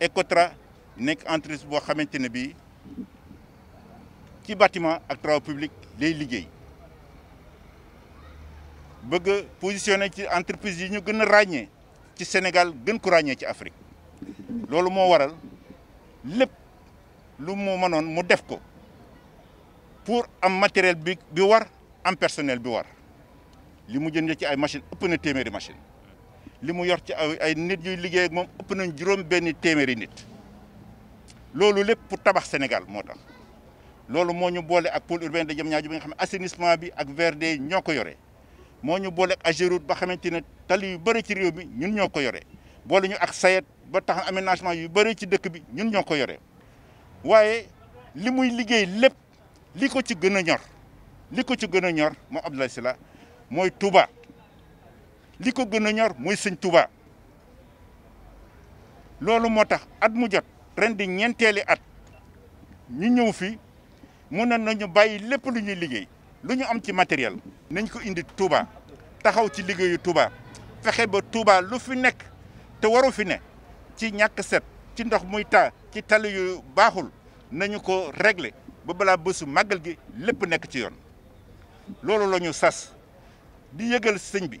Ecotra nek entreprise bo xamantene bi ci bâtiment ak travaux publics lay liguey bëgg positionner ci entreprise yi ñu gën ragné ci Sénégal gën ko ragné ci Afrique lolu mo waral lepp lu mo mënon mu def ko pour am matériel bi bi war am personnel bi war li mu jënd ci ay machine ëpp na téméré machine li mu yor ci ay nit ñuy liggéey ak moom ëpp nañ juróom benni téeméeri nit loolu lépp pour tabax Sénégal moo tax loolu moo ñu boole ak pôle urbain de Diamniadio bi nga xam ne assainissement bi ak VRD ñoo ko yore moo ñu boole ak Ageroute ba xamante ne tali yu bëri ci réew mi ñun ñoo ko yore boole ñu ak sayet ba tax aménagement yu bëri ci dëkk bi ñun ñoo ko yore waaye li muy liggéey lépp li ko ci gën a ñor li ko ci gën a ñor moom Abdoulaye Sylla mooy Touba Liko gëna ñor moy seigne Touba lolu motax at mu jot ren di at ñu ñëw fi na nañu bayyi lepp lu ñuy liggéey lu ñu am ci matériel nañ ko indi Touba taxaw ci liggéeyu Touba fexé ba Touba lu fi nekk te waru fi ne ci ñak set ci ndox muy ta ci tal yu baxul nañu ko régler ba bala bëssu magal gi lepp nekk ci yoon lolu lañu sas di yeggal bi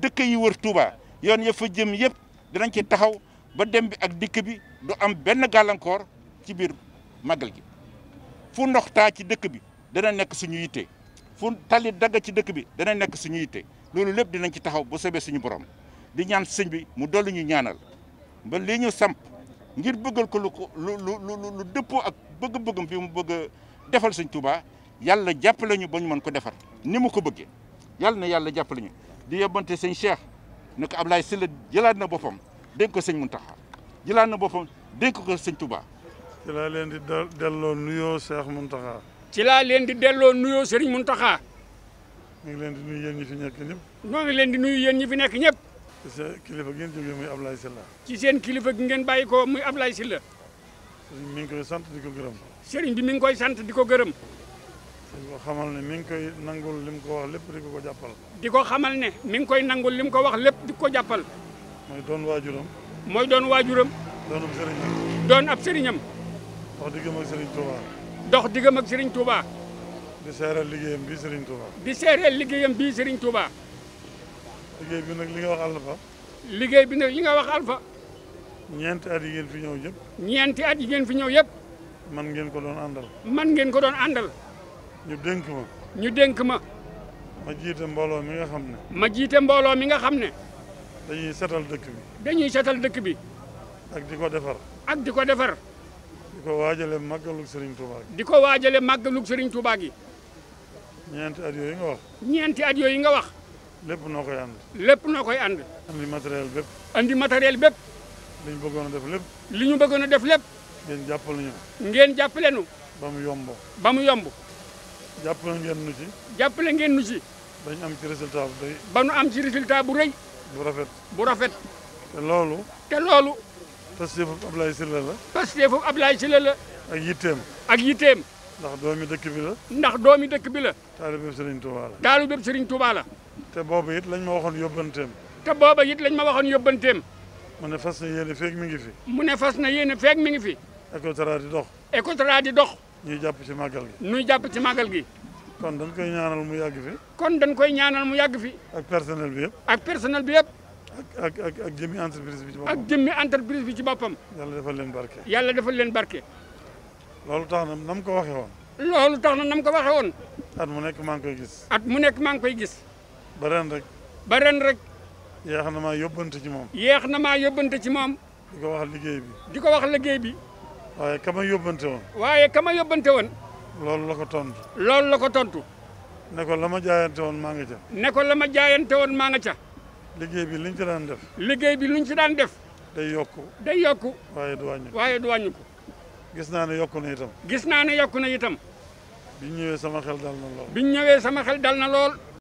dëkk yi wër Touba yoon ya fa jëm yëpp danañ ci taxaw ba dem bi ak dikk bi du am benn gàllankoor ci biir màggal gi fu ndox taa ci dëkk bi dana nekk suñu yitte fu talit dagg ci dëkk bi dana nekk suñu yitte loolu lépp dinañ ci taxaw bu sobee suñu borom di ñaan sëñ bi mu dolli ñu ñaanal ba lii ñu samp ngir bëggal ko lu ko lu lu lu dëppoo ak bëgg-bëggam bi mu bëgg defal sëñ Touba yàlla jàppale ñu ba ñu mën ko defar ni mu ko bëggee yàlla na yàlla jàppale ñu. di yóbbante sëñ Cheikh ne ko Ablaye Sylla jëlaat na boppam dénk ko sëñ Mountakha jëlaat na boppam dénk ko sëñ tuba ci leen di delloo nuyoo Cheikh Mountakha. ci laa leen di delloo nuyoo Serigne Mountakha. ñu ngi leen di nuyu yéen ñi fi nekk ñëpp. ñoo ngi leen di nuyu yéen ñi fi nekk ñëpp. kilifa gi ngeen jógee muy Ablaye Sylla. ci seen kilifa gi ngeen bàyyi ko muy Ablaye lay Serigne mi ngi koy sant di ko gërëm. Serigne bi mi ngi koy sant di ko gërëm. di hamal xamal ne mi ngi koy nangul lim ko wax lépp di ko ko jàppal. di ko xamal ne mi ngi koy lim ko wax lépp di ko jàppal. mooy doon waajuram. mooy doon waajuram. doon ab sëriñam. doon ab sëriñam. dox diggam ak Serigne Touba. dox diggam ak Serigne Touba. di seereel liggéeyam bii Serigne Touba. di seereel liggéeyam bii Serigne Touba. liggéey bi nag li nga wax alfa. liggéey bi li nga wax alfa. ñeenti at yi ngeen fi ñëw yëpp. ñeenti at yi ngeen fi ñëw yëpp. man ngeen ko man ngeen ko ñu dénk ma. ñu dénk ma. ma jiite mbooloo mi nga xam ne. ma jiite mbooloo mi nga xam ne. dañuy setal dëkk bi. dañuy setal dëkk bi. ak di ko defar. ak di ko defar. di ko wajale màggalug Serigne Touba gi. di ko wajale màggalug Serigne Touba gi. ñeenti at yooyu nga wax. ñeenti at yooyu nga wax. lépp noo andi matériel bépp. andi matériel bépp. li ñu bëggoon a def lépp. li ñu bëggoon a def lépp. ngeen jàppale ñu. ngeen jàppale ngeen nu ci. jàppale ngeen nu ci. dañ am ci résultat bu rëy. ba ñu am ci résultat bu rëy. bu rafet. bu rafet. te loolu. te loolu. Pastef foofu Ablaye Sylla la. Pastef foofu Ablaye Sylla la. ak yitteem. ak yitteem. ndax doomi dëkk bi la. ndax doomi dëkk bi la. taalibeeb Serigne Touba la. taalibeeb Serigne Touba la. te booba it lañ ma waxoon yóbbanteem. te booba it lañ ma waxoon yóbbanteem. mu ne fas na yéene feeg mi ngi fi. mu ne fas na yéene feeg mi ngi fi. Ecotra di dox. Ecotra di dox. ñuy jàpp ci màggal gi. ñuy jàpp ci màggal gi. kon dañ koy ñaanal mu yàgg fi. kon dañ koy ñaanal mu yàgg fi. ak personnel bi yëpp. ak personnel bi yëpp. ak ak ak jëmmi entreprise bi ci boppam. ak jëmmi entreprise bi ci boppam. yàlla defal leen barke. yàlla defal leen barke. loolu tax na na mu ko waxee woon. loolu tax na nam ko waxee woon. at mu nekk maa ngi koy gis. at mu nekk maa ngi koy gis. ba ren rek. ba ren rek. yeex na maa yóbbante ci moom. yeex na maa yóbbante ci moom. di ko wax liggéey bi. di ko wax liggéey bi. waaye kama yóbbante woon. waaye kama yóbbante woon. loolu la ko tontu. loolu la ko tontu. ne ko la ma jaayante woon maa nga ca. ne la ma jaayante woon maa nga ca. liggéey bi luñ ci daan def. liggéey bi luñ ci daan def. day yokku. day yokku. waaye du wàññi waaye du wàññi gis naa ne yokku na itam. gis naa ne yokku na itam. biñ ñëwee sama xel dal na lool. biñ ñëwee sama xel dal na lool.